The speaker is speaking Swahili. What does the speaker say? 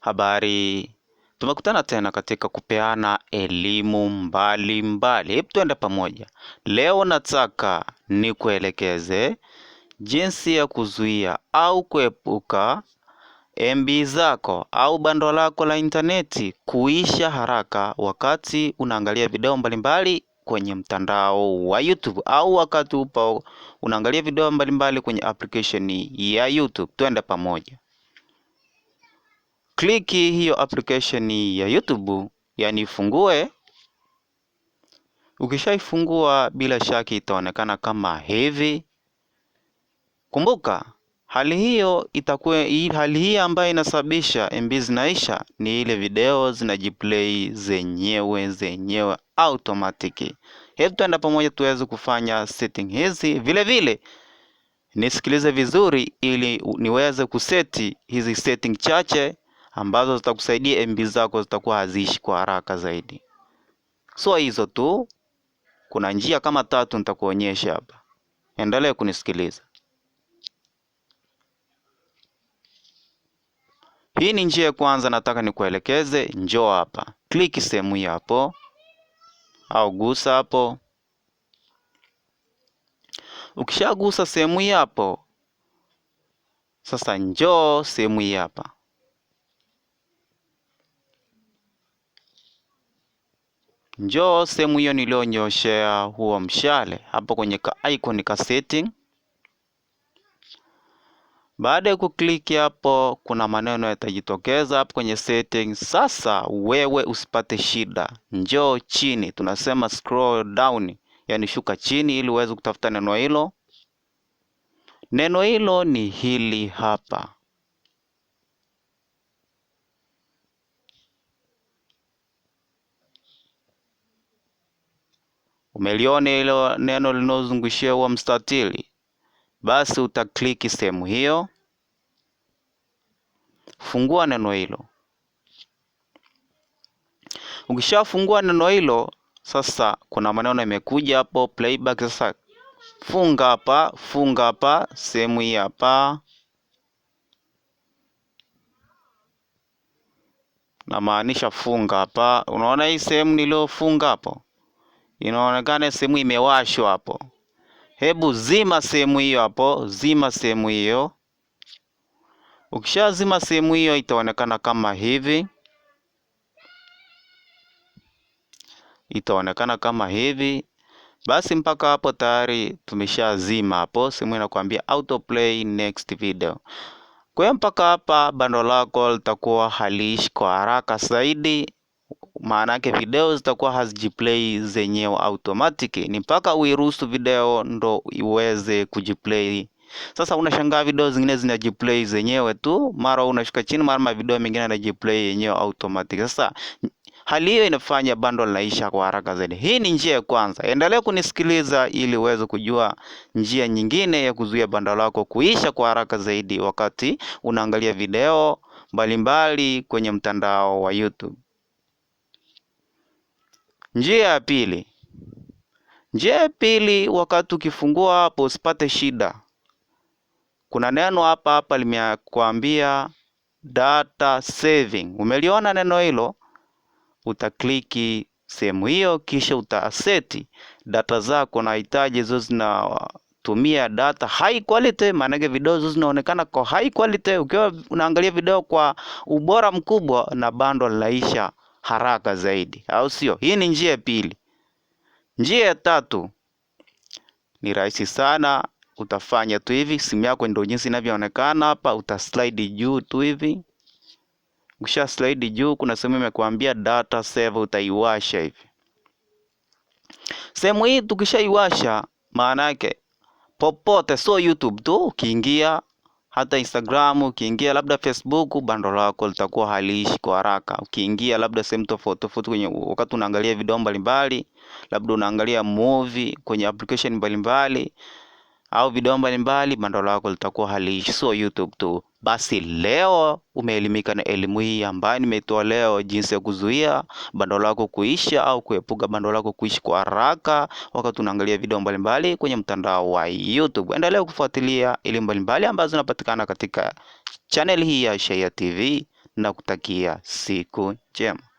Habari, tumekutana tena katika kupeana elimu mbalimbali. Hebu tuende pamoja. Leo nataka nikuelekeze jinsi ya kuzuia au kuepuka MB zako au bando lako la intaneti kuisha haraka wakati unaangalia video mbalimbali kwenye mtandao wa YouTube au wakati upo unaangalia video mbalimbali kwenye application ya YouTube. Twende pamoja kliki hiyo application ya YouTube, yani ifungue. Ukishaifungua bila shaka itaonekana kama hivi. Kumbuka hali hiyo itakuwa hali hii ambayo inasababisha MB zinaisha ni ile video zinajiplay zenyewe zenyewe automatic. Hebu tuenda pamoja tuweze kufanya setting hizi vile vile, nisikilize vizuri ili niweze kuseti hizi setting chache ambazo zitakusaidia MB zako zitakuwa haziishi kwa haraka zaidi. So hizo tu, kuna njia kama tatu nitakuonyesha hapa. Endelea kunisikiliza. Hii ni njia ya kwanza, nataka nikuelekeze. Njoo hapa, kliki sehemu hii hapo, au gusa hapo. Ukishagusa sehemu hii hapo, sasa njoo sehemu hii hapa. Njoo sehemu hiyo nilionyoshea huo mshale hapo kwenye ka icon ka setting. Baada ya kukliki hapo, kuna maneno yatajitokeza hapo kwenye setting. Sasa wewe usipate shida, njoo chini, tunasema scroll down, yani shuka chini ili uweze kutafuta neno hilo. Neno hilo ni hili hapa. umeliona ilo neno linalozungushia huwa mstatili, basi utakliki sehemu hiyo, fungua neno hilo. Ukishafungua neno hilo, sasa kuna maneno yamekuja hapo playback. Sasa funga hapa, funga hapa, sehemu hii hapa namaanisha funga hapa. Unaona hii sehemu niliyofunga hapo inaonekana sehemu imewashwa hapo. Hebu zima sehemu hiyo hapo, zima sehemu hiyo. Ukishazima sehemu hiyo itaonekana kama hivi, itaonekana kama hivi. Basi mpaka hapo tayari tumeshazima hapo, simu inakwambia autoplay next video. Kwa hiyo mpaka hapa bando lako litakuwa haliishi kwa haraka zaidi maana yake video zitakuwa hazijiplay zenyewe automatic, ni mpaka uiruhusu video ndo iweze kujiplay. Sasa unashangaa video zingine zinajiplay zenyewe tu, mara unashuka chini, mara ma video mingine yanajiplay yenyewe automatic. Sasa hali hiyo inafanya bando linaisha kwa haraka zaidi. Hii ni njia ya kwanza. Endelea kunisikiliza ili uweze kujua njia nyingine ya kuzuia bando lako kuisha kwa haraka zaidi wakati unaangalia video mbalimbali mbali kwenye mtandao wa YouTube. Njia ya pili, njia ya pili, wakati ukifungua hapo usipate shida. Kuna neno hapa hapa limekuambia data saving. Umeliona neno hilo, utakliki sehemu hiyo, kisha utaseti data zako unahitaji hizo zinatumia data high quality, maanake video hizo zinaonekana kwa high quality, ukiwa unaangalia video kwa ubora mkubwa na bando laisha haraka zaidi, au sio? Hii ni njia ya pili. Njia ya tatu ni rahisi sana, utafanya tu hivi, simu yako ndio jinsi inavyoonekana hapa, slide juu tu hivi. Ukisha slide juu, kuna sehemu imekuambia data save, utaiwasha hivi. Sehemu hii tukishaiwasha, maana yake popote, so YouTube tu ukiingia hata Instagram ukiingia labda Facebook, bando lako litakuwa haliishi kwa haraka. Ukiingia labda sehemu tofauti tofauti kwenye wakati unaangalia video mbalimbali, labda unaangalia movie kwenye application mbalimbali mbali, au video mbalimbali, bando lako litakuwa haliishi, sio YouTube tu. Basi leo umeelimika na elimu hii ambayo nimeitoa leo, jinsi ya kuzuia bando lako kuisha au kuepuka bando lako kuishi kwa haraka wakati tunaangalia video mbalimbali kwenye mtandao wa YouTube. Endelea kufuatilia elimu mbalimbali ambazo zinapatikana katika chaneli hii ya Shayia TV na kutakia siku njema.